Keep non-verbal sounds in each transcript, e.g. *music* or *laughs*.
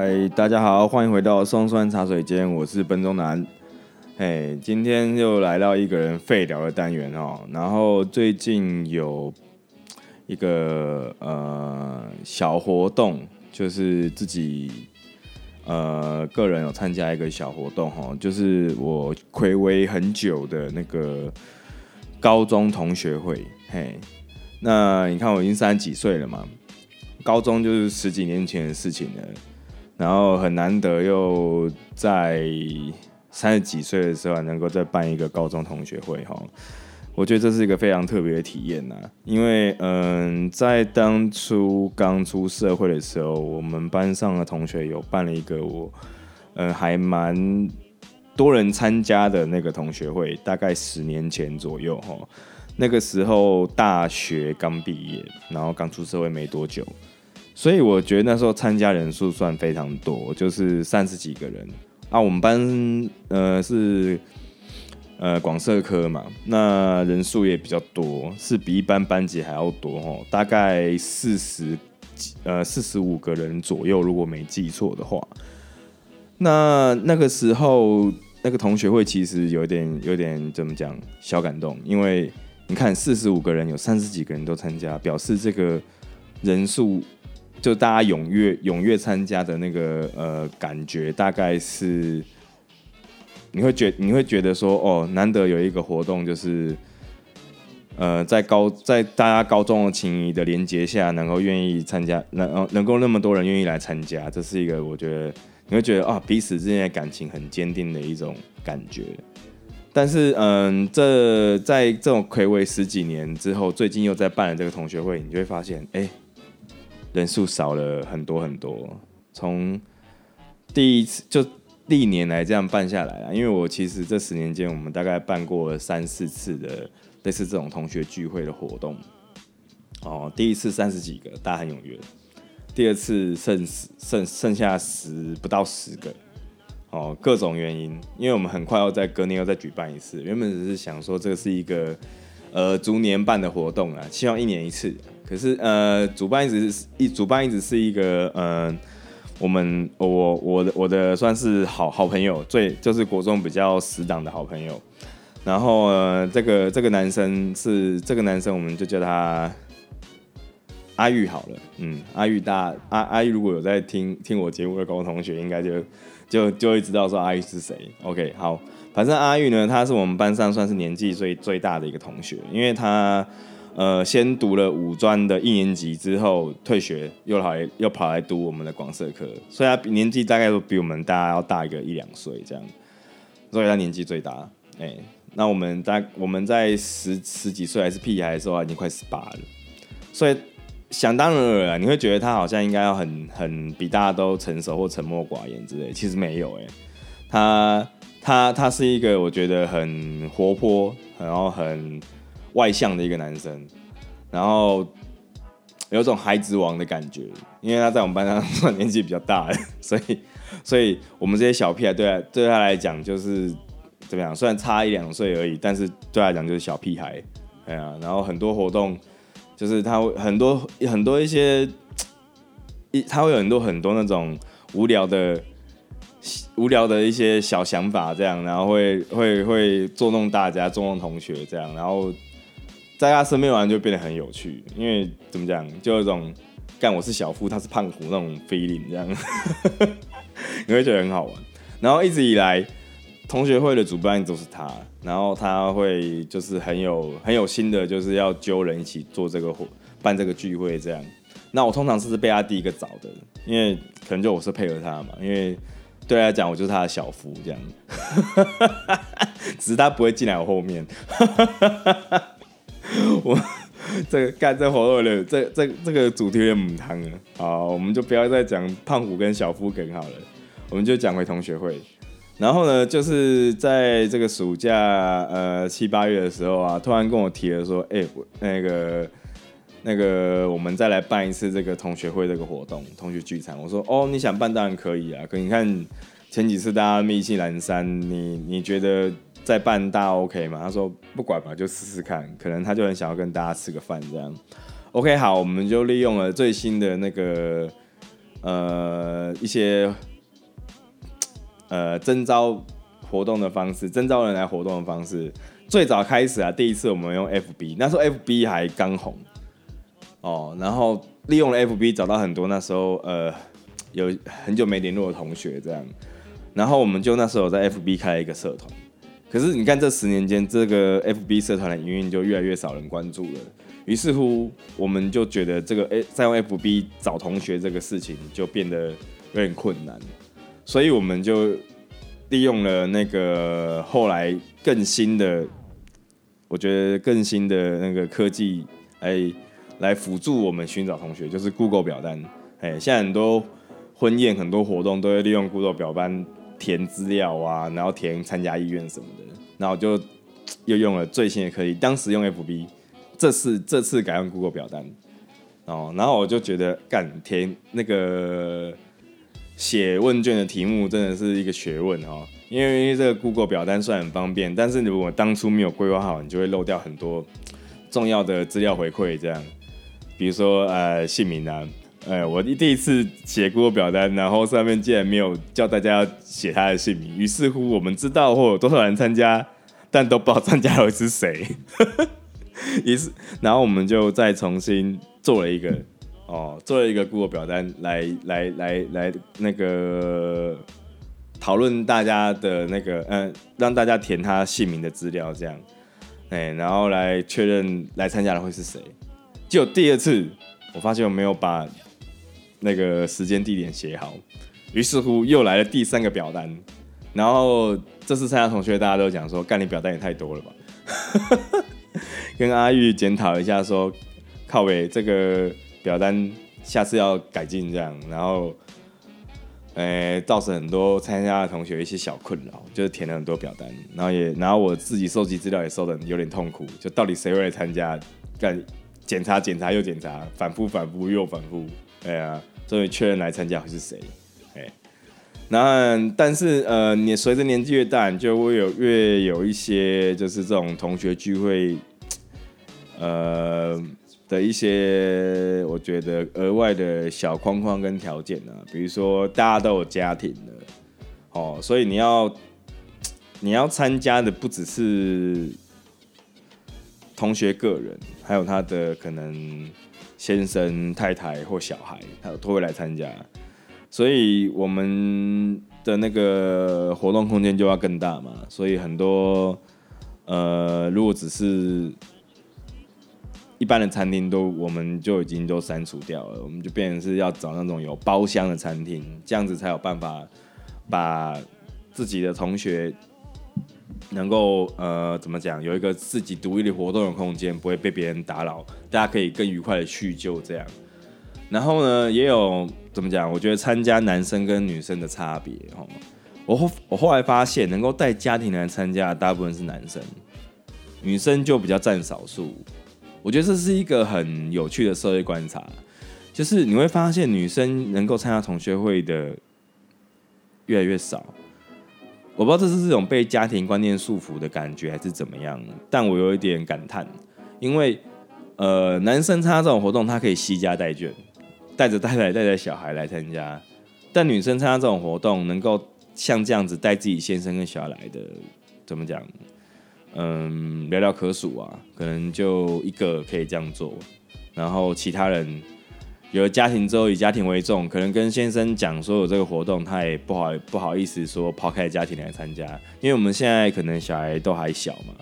哎，大家好，歡迎回到松山茶水間，我是奔中南。哎，今天又來到一個人廢聊的單元哦。然後最近有一個呃小活動，就是自己呃個人有參加一個小活動哦，就是我暌違很久的那個高中同學會。嘿，那你看我已經三十幾歲了嘛，高中就是十幾年前的事情了。然後很難得又在三十幾歲的時候還能夠再辦一個高中同學會哈，我覺得這是一個非常特別的體驗吶、啊。因為嗯，在當初剛出社會的時候，我們班上的同學有辦了一個我嗯還蠻多人參加的那個同學會，大概十年前左右哈。那個時候大學剛畢業，然後剛出社會沒多久。所以我覺得那時候參加人數算非常多，就是三十幾個人啊。我們班呃是呃廣設科嘛，那人數也比較多，是比一般班級還要多，大概四十呃四十五個人左右，如果沒記錯的話。那那個時候那個同學會其實有點有點怎麼講小感動，因為你看四十五個人有三十幾個人都參加，表示這個人數。就大家踴躍踴躍參加的那個呃感覺，大概是你會覺你會覺得說哦，難得有一個活動，就是呃在高在大家高中的情誼的連接下，能夠願意參加，能、呃、能夠那麼多人願意來參加，這是一個我覺得你會覺得啊、哦，彼此之間的感情很堅定的一種感覺。但是嗯、呃，這在這種睽違十幾年之後，最近又在辦了這個同學會，你就會發現哎。欸人數少了很多很多，從第一次就歷年來這樣辦下來啊，因為我其實這十年間，我們大概辦過了三四次的類似這種同學聚會的活動。哦，第一次三十幾個，大家很有緣；第二次剩剩剩下十不到十個，哦，各種原因，因為我們很快要在隔年要再舉辦一次，原本只是想說，這是一個呃逐年辦的活動啊，希望一年一次。可是呃，主辦一直是一主辦一直是一個呃，我們我我我的算是好好朋友，最就是國中比較死黨的好朋友。然後，呃，這個這個男生是這個男生，我們就叫他阿玉好了，嗯，阿玉大阿阿玉如果有在聽聽我節目的高中同學應該就就就會知道說阿玉是誰。OK，好，反正阿玉呢，他是我們班上算是年紀最最大的一個同學，因為他。呃，先讀了五專的一年級之後退學，又來又跑來讀我們的廣設科，所以他年紀大概都比我們大家要大一個一兩歲這樣，所以他年紀最大。哎、欸，那我們在我們在十十幾歲還是屁孩的時候，已經快十八了，所以想當然爾、啊，你會覺得他好像應該要很很比大家都成熟或沉默寡言之類，其實沒有哎、欸，他他他是一個我覺得很活潑，然後很。很外向的一個男生，然後有種孩子王的感覺，因為他在我們班上算年紀比較大的，所以，所以我們這些小屁孩對他對他來講就是怎麼樣？雖然差一兩歲而已，但是對他來講就是小屁孩，哎呀、啊，然後很多活動就是他會很多很多一些一，他會有很多很多那種無聊的無聊的一些小想法，這樣，然後會會會捉弄大家，捉弄同學，這樣，然後。在他身邊玩就變得很有趣，因為怎麼講，就有一種幹我是小夫，他是胖虎那種 feeling，這樣，呵呵，你會覺得很好玩。然後一直以來，同學會的主辦都是他，然後他會就是很有很有心的，就是要揪人一起做這個活，辦這個聚會這樣。那我通常是被他第一個找的，因為可能就我是配合他嘛，因為對他來講我就是他的小夫這樣，只是他不會進來我後面。呵呵 *laughs* 我這個、幹這活動的，這這這個主題也母湯了。好，我們就不要再講胖虎跟小夫梗好了，我們就講回同學會。然後呢，就是在這個暑假，呃七八月的時候啊，突然跟我提了說，哎，那個那個，我們再來辦一次這個同學會這個活動，同學聚餐。我說，哦，你想辦當然可以啊，可你看前幾次大家意興闌珊，你你覺得？在辦大 OK 嘛？他說不管吧，就試試看。可能他就很想要跟大家吃個飯這樣。OK，好，我們就利用了最新的那個呃一些呃徵召活動的方式，徵召人來活動的方式。最早開始啊，第一次我們用 FB，那時候 FB 還剛紅哦，然後利用了 FB 找到很多那時候呃有很久沒聯絡的同學這樣。然後我們就那時候在 FB 開了一個社團。可是你看，這十年間，這個 F B 社團的營運就越來越少人關注了。於是乎，我們就覺得這個誒，在用 F B 找同學這個事情就變得有點困難。所以我們就利用了那個後來更新的，我覺得更新的那個科技，誒，來輔助我們尋找同學，就是 Google 表單。誒，現在很多婚宴、很多活動都會利用 Google 表單。填資料啊，然後填參加意願什麼的，然後我就又用了最新的科技，當時用 FB，這次這次改用 Google 表單，哦，然後我就覺得幹填那個寫問卷的題目真的是一個學問哦。因為因為這個 Google 表單雖然很方便，但是你如果當初沒有規劃好，你就會漏掉很多重要的資料回饋，這樣，比如說呃姓名啊。哎、欸，我第第一次寫 Google 表單，然後上面竟然沒有叫大家寫他的姓名，於是乎我們知道會有多少人參加，但都不知道參加的會是誰。於是，然後我們就再重新做了一個，哦，做了一個 Google 表單來來來來那個討論大家的那個，嗯、呃，讓大家填他姓名的資料，這樣，哎、欸，然後來確認來參加的會是誰。就第二次，我發現我沒有把。那個時間地點寫好，於是乎又來了第三個表單，然後這次參加同學大家都講說，幹，你表單也太多了吧， *laughs* 跟阿玉檢討一下說，靠北、欸、這個表單下次要改進這樣，然後，誒、欸、造成很多參加的同學一些小困擾，就是填了很多表單，然後也然後我自己收集資料也收的有點痛苦，就到底誰會來參加，幹，檢查檢查又檢查，反復反復又反復，哎、欸、呀、啊。所以確認來參加會是誰？哎、okay，那但是呃，你隨着年紀越大，你就會有越有一些就是這種同學聚會，呃的一些，我覺得額外的小框框跟條件呢、啊，比如說大家都有家庭了，哦，所以你要你要參加的不只是同學個人，還有他的可能。先生、太太或小孩，他都會來參加，所以我們的那個活動空間就要更大嘛。所以很多，呃，如果只是一般的餐廳都，都我們就已經都刪除掉了，我們就變成是要找那種有包廂的餐廳，這樣子才有辦法把自己的同學。能夠呃，怎麼講，有一個自己獨立的活動的空間，不會被別人打擾，大家可以更愉快的敘舊這樣。然後呢，也有怎麼講，我覺得參加男生跟女生的差別，好嗎？我我後來發現，能夠帶家庭來參加的，大部分是男生，女生就比較佔少數。我覺得這是一個很有趣的社會觀察，就是你會發現，女生能夠參加同學會的越來越少。我不知道這是這種被家庭觀念束縛的感覺還是怎麼樣，但我有一點感嘆，因為呃，男生參加這種活動，他可以攜家帶眷，帶着帶來帶着小孩來參加；但女生參加這種活動，能夠像這樣子帶自己先生跟小孩來的，怎麼講？嗯、呃，寥寥可數啊，可能就一個可以這樣做，然後其他人。有了家庭之後，以家庭為重，可能跟先生講說有這個活動，他也不好也不好意思說拋開家庭來參加，因為我們現在可能小孩都還小嘛，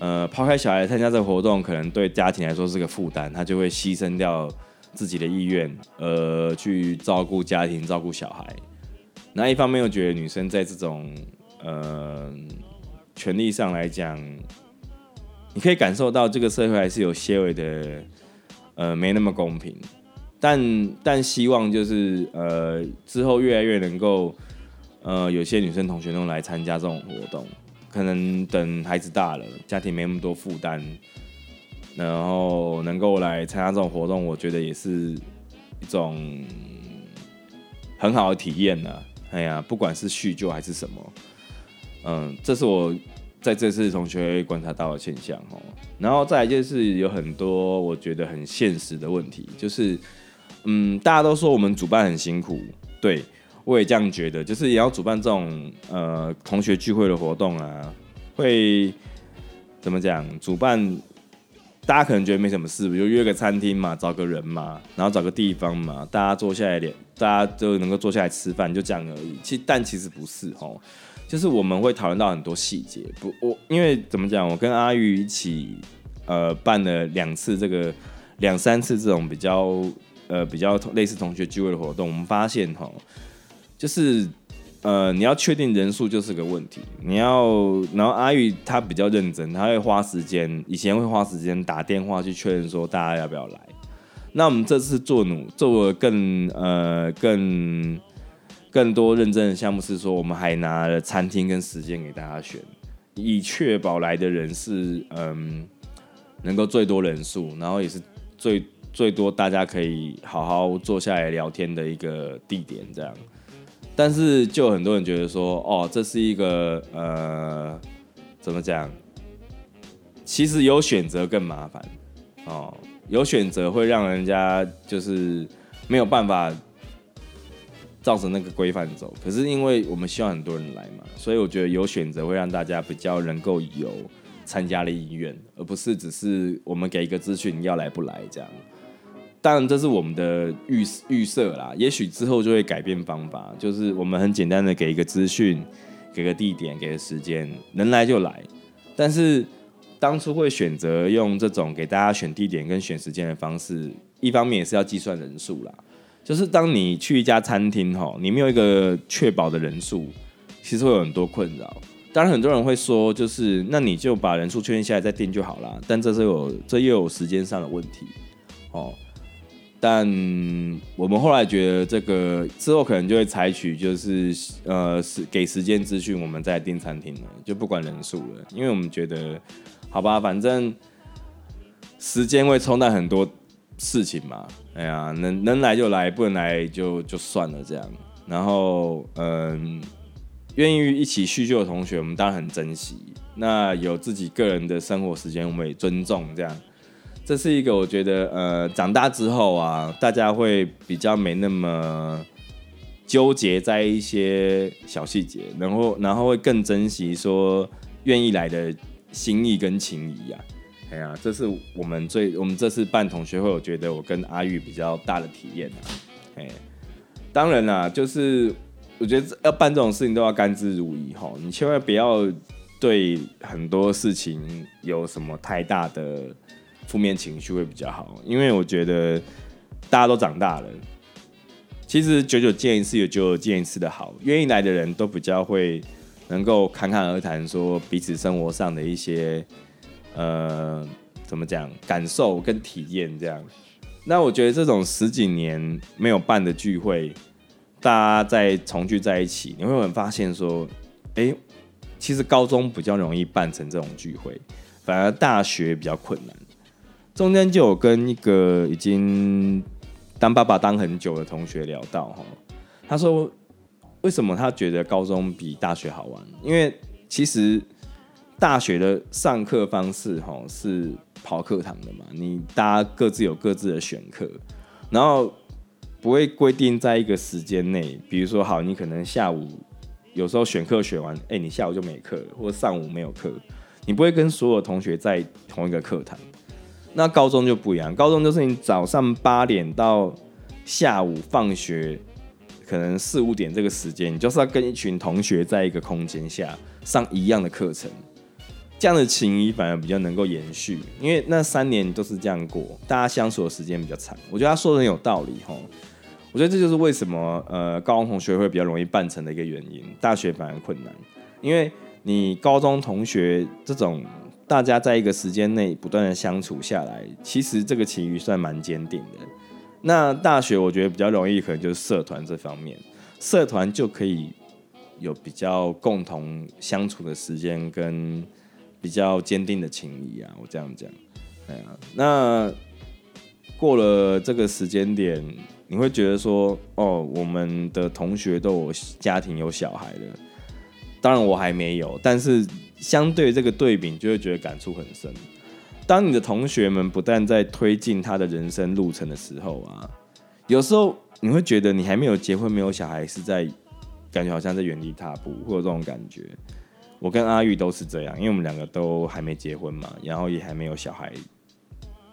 呃，拋開小孩參加這個活動，可能對家庭來說是個負擔，他就會犧牲掉自己的意願，呃，去照顧家庭、照顧小孩。那一方面，又覺得女生在這種呃權利上來講，你可以感受到這個社會還是有些微的，呃，沒那麼公平。但但希望就是呃之後越來越能夠呃有些女生同學能來參加這種活動，可能等孩子大了，家庭沒那麼多負擔，然後能夠來參加這種活動，我覺得也是一種很好的體驗呢、啊。哎呀，不管是敘舊還是什麼，嗯、呃，這是我在這次同學會觀察到的現象哦。然後再來就是有很多我覺得很現實的問題，就是。嗯，大家都說我們主辦很辛苦，對，我也這樣覺得。就是也要主辦這種呃同學聚會的活動啊，會怎麼講？主辦大家可能覺得沒什麼事，就約個餐廳嘛，找個人嘛，然後找個地方嘛，大家坐下來，大家就能夠坐下來吃飯，就這樣而已。其但其實不是齁，就是我們會討論到很多細節。不，我因為怎麼講，我跟阿玉一起呃辦了兩次這個兩三次這種比較。呃，比較類似同學聚會的活動，我們發現哈，就是呃，你要確定人數就是個問題。你要，然後阿宇他比較認真，他會花時間，以前會花時間打電話去確認說大家要不要來。那我們這次做努做了更呃更更多認真的項目，是說我們還拿了餐廳跟時間給大家選，以確保來的人是嗯、呃、能夠最多人數，然後也是最。最多大家可以好好坐下來聊天的一個地點，這樣。但是就很多人覺得說，哦，這是一個呃，怎麼講？其實有選擇更麻煩哦，有選擇會讓人家就是沒有辦法照著那個規範走。可是因為我們希望很多人來嘛，所以我覺得有選擇會讓大家比較能夠有參加的意願，而不是只是我們給一個資訊要來不來這樣。當然，這是我們的預預設啦。也許之後就會改變方法，就是我們很簡單的給一個資訊，給個地點，給個時間，能來就來。但是當初會選擇用這種給大家選地點跟選時間的方式，一方面也是要計算人數啦。就是當你去一家餐廳哈、哦，你沒有一個確保的人數，其實會有很多困擾。當然很多人會說，就是那你就把人數確定下來再訂就好了。但這是有這又有時間上的問題哦。但我們後來覺得，這個之後可能就會採取，就是呃，給時間資訊，我們再訂餐廳了，就不管人數了，因為我們覺得，好吧，反正時間會沖淡很多事情嘛。哎呀、啊，能能來就來，不能來就就算了這樣。然後，嗯、呃，願意一起敘舊的同學，我們當然很珍惜。那有自己個人的生活時間，我們也尊重這樣。這是一個我覺得，呃，長大之後啊，大家會比較沒那麼糾結在一些小細節，然後然後會更珍惜說願意來的心意跟情誼呀、啊。哎呀、啊，這是我們最我們這次辦同學會，我覺得我跟阿玉比較大的體驗啊。哎，當然啦、啊，就是我覺得要辦這種事情都要甘之如飴哈，你千萬不要對很多事情有什麼太大的。負面情緒會比較好，因為我覺得大家都長大了。其實久久見一次有久久見一次的好，願意來的人都比較會能夠侃侃而談，說彼此生活上的一些呃怎麼講感受跟體驗這樣。那我覺得這種十幾年沒有辦的聚會，大家再重聚在一起，你會很發現說，誒，其實高中比較容易辦成這種聚會，反而大學比較困難。中間就有跟一個已經當爸爸當很久的同學聊到，他說為什麼他覺得高中比大學好玩？因為其實大學的上課方式是跑課堂的嘛，你大家各自有各自的選課，然後不會規定在一個時間內，比如說好，你可能下午有時候選課選完，哎、欸，你下午就沒課，或者上午沒有課，你不會跟所有同學在同一個課堂。那高中就不一樣，高中就是你早上八點到下午放學，可能四五點這個時間，你就是要跟一群同學在一個空間下上一樣的課程，這樣的情誼反而比較能夠延續，因為那三年都是這樣過，大家相處的時間比較長。我覺得他說的很有道理齁，我覺得這就是為什麼，呃，高中同學會比較容易辦成的一個原因，大學反而困難，因為你高中同學這種。大家在一個時間內不斷的相處下來，其實這個情誼算蠻堅定的。那大學我覺得比較容易，可能就是社團這方面，社團就可以有比較共同相處的時間跟比較堅定的情誼啊。我這樣講，哎呀、啊，那過了這個時間點，你會覺得說，哦，我們的同學都有家庭有小孩的，當然我還沒有，但是。相對這個對比，就會覺得感觸很深。當你的同學們不斷在推進他的人生路程的時候啊，有時候你會覺得你還沒有結婚、沒有小孩，是在感覺好像在原地踏步，會有這種感覺。我跟阿玉都是這樣，因為我們兩個都還沒結婚嘛，然後也還沒有小孩，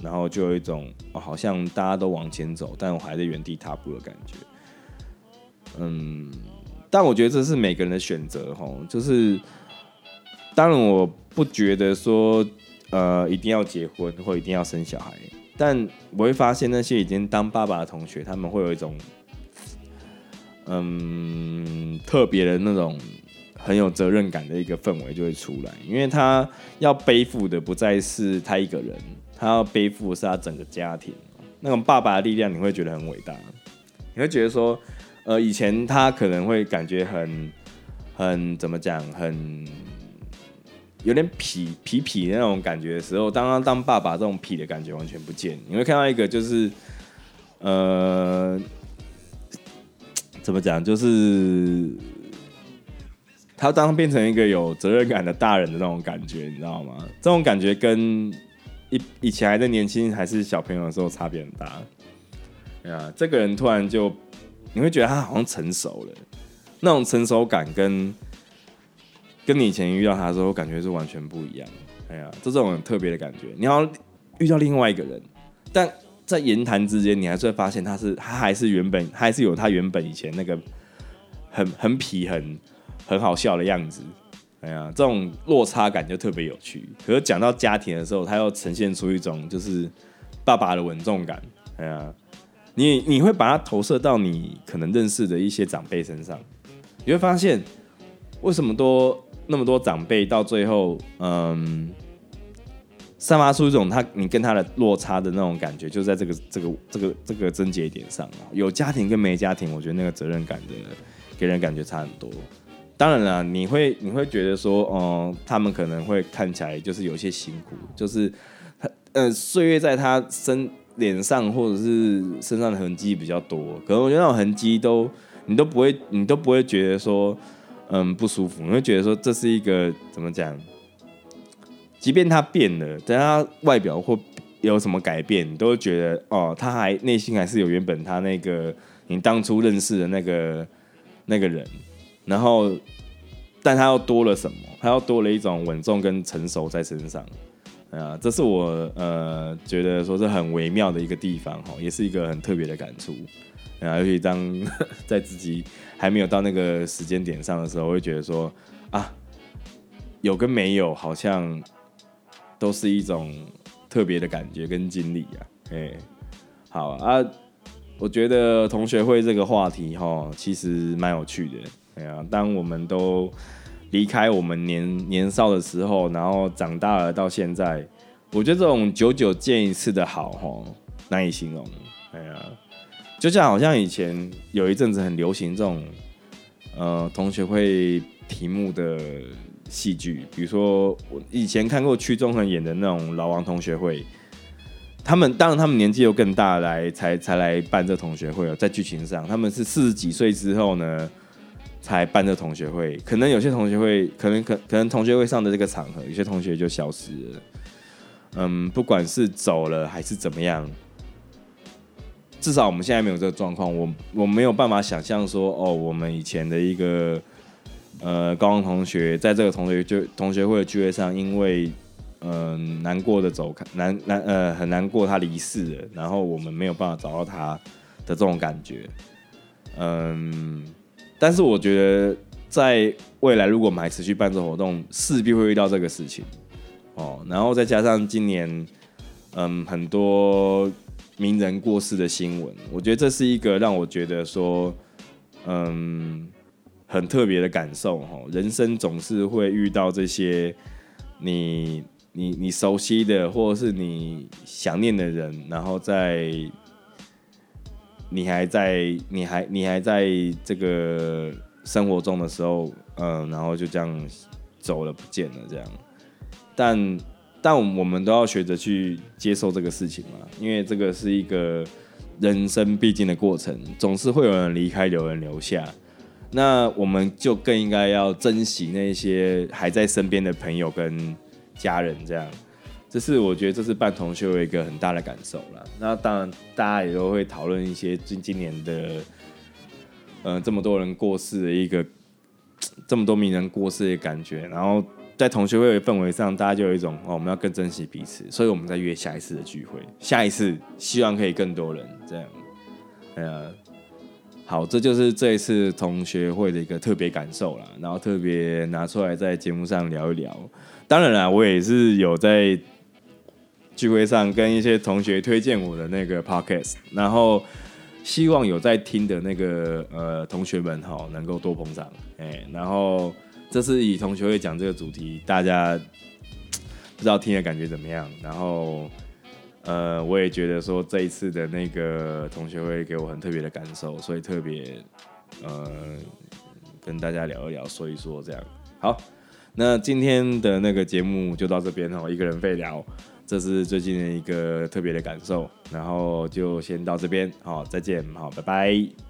然後就有一種、哦、好像大家都往前走，但我還在原地踏步的感覺。嗯，但我覺得這是每個人的選擇，吼，就是。當然，我不覺得說，呃，一定要結婚或一定要生小孩。但我會發現那些已經當爸爸的同學，他們會有一種，嗯，特別的那種很有責任感的一個氛圍就會出來，因為他要背負的不再是他一個人，他要背負的是他整個家庭。那種爸爸的力量，你會覺得很偉大，你會覺得說，呃，以前他可能會感覺很，很，怎麼講，很。有點痞痞痞的那種感覺的時候，當他當爸爸這種痞的感覺完全不見。你會看到一個就是，呃，怎麼講？就是他當他變成一個有責任感的大人的那種感覺，你知道嗎？這種感覺跟以以前還在年輕還是小朋友的時候差別很大。哎呀、啊，這個人突然就你會覺得他好像成熟了，那種成熟感跟。跟你以前遇到他的時候，感覺是完全不一樣的。哎呀、啊，就這種很特別的感覺。你要遇到另外一個人，但在言談之間，你還是會發現他是他還是原本還是有他原本以前那個很很痞，很很，很好笑的樣子。哎呀、啊，這種落差感就特別有趣。可是講到家庭的時候，他又呈現出一種就是爸爸的穩重感。哎呀、啊，你你會把他投射到你可能認識的一些長輩身上，你會發現為什麼都那麼多長輩到最後，嗯，散發出一種他你跟他的落差的那種感覺，就在這個這個這個這個症結點上啊，有家庭跟沒家庭，我覺得那個責任感真的給人感覺差很多。當然了、啊，你會你會覺得說，嗯，他們可能會看起來就是有些辛苦，就是嗯，呃、歲月在他身臉上或者是身上的痕跡比較多，可能我覺得那種痕跡都你都不會你都不會覺得說。嗯，不舒服，你會覺得說這是一個怎麼講？即便他變了，但他外表或有什麼改變，你都會覺得哦，他還內心還是有原本他那個你當初認識的那個那個人。然後，但他又多了什麼？他又多了一種穩重跟成熟在身上。呃，這是我呃覺得說是很微妙的一個地方，也是一個很特別的感觸。尤其當 *laughs* 在自己還沒有到那個時間點上的時候，我會覺得說啊，有跟沒有好像都是一種特別的感覺跟經歷啊。哎、欸，好啊，啊，我覺得同學會這個話題齁，其實蠻有趣的。哎、欸、呀，當我們都離開我們年年少的時候，然後長大了到現在，我覺得這種久久見一次的好齁，難以形容。哎、欸、呀。就像好像以前有一陣子很流行這種，呃，同學會題目的戲劇，比如說我以前看過屈中恆演的那種《老王同學會》，他們當然他們年紀又更大，來才才來辦這同學會哦，在劇情上他們是四十幾歲之後呢才辦這同學會，可能有些同學會，可能可可能同學會上的這個場合，有些同學就消失了，嗯，不管是走了還是怎麼樣。至少我們現在沒有這個狀況，我我沒有辦法想象說，哦，我們以前的一個呃高中同學，在這個同學就同學會的聚會上，因為嗯、呃、難過的走開難難呃很難過他離世了，然後我們沒有辦法找到他的這種感覺，嗯，但是我覺得在未來，如果我們還持續辦這活動，勢必會遇到這個事情，哦，然後再加上今年嗯很多。名人過世的新聞，我覺得這是一個讓我覺得說，嗯，很特別的感受喔，人生總是會遇到這些你、你、你熟悉的，或者是你想念的人，然後在你還在、你還、你還在這個生活中的時候，嗯，然後就這樣走了不見了，這樣，但。但我們都要學着去接受這個事情嘛，因為這個是一個人生必經的過程，總是會有人離開，有人留下。那我們就更應該要珍惜那些還在身邊的朋友跟家人，這樣。這是我覺得這是辦同學會的一個很大的感受了。那當然，大家也都會討論一些今今年的，呃，這麼多人過世的一個，這麼多名人過世的感覺，然後。在同學會的氛圍上，大家就有一種哦，我們要更珍惜彼此，所以我們再約下一次的聚會，下一次希望可以更多人這樣，呀、呃，好，這就是這一次同學會的一個特別感受了，然後特別拿出來在節目上聊一聊。當然啦，我也是有在聚會上跟一些同學推薦我的那個 podcast，然後希望有在聽的那個呃同學們哈能夠多捧場，哎、欸，然後。這是以同學會講這個主題，大家不知道聽的感覺怎麼樣？然後，呃，我也覺得說這一次的那個同學會給我很特別的感受，所以特別呃跟大家聊一聊、說一說這樣。好，那今天的那個節目就到這邊哦，一個人廢聊，這是最近的一個特別的感受。然後就先到這邊，好，再見，好，拜拜。